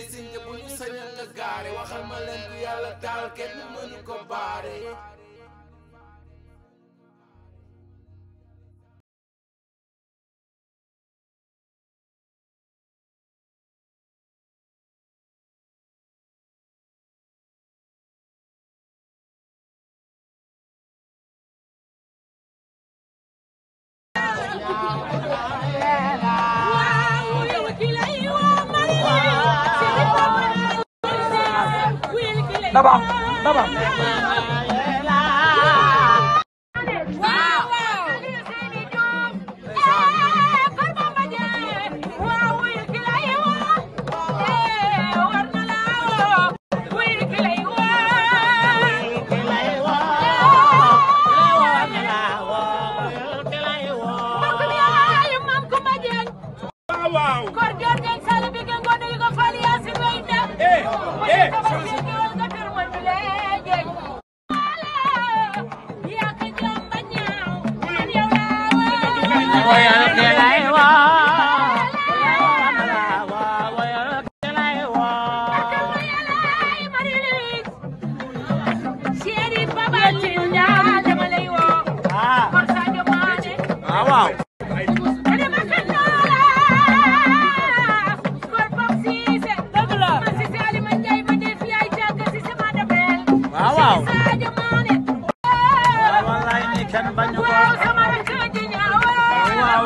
say siñ te bu ñu sañal nga gaare waxal ma leen ku yàlla taal kenn mënu ko baare daba daba Wow. Cordial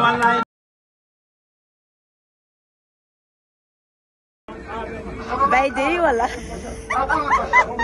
wallaay bay dey wala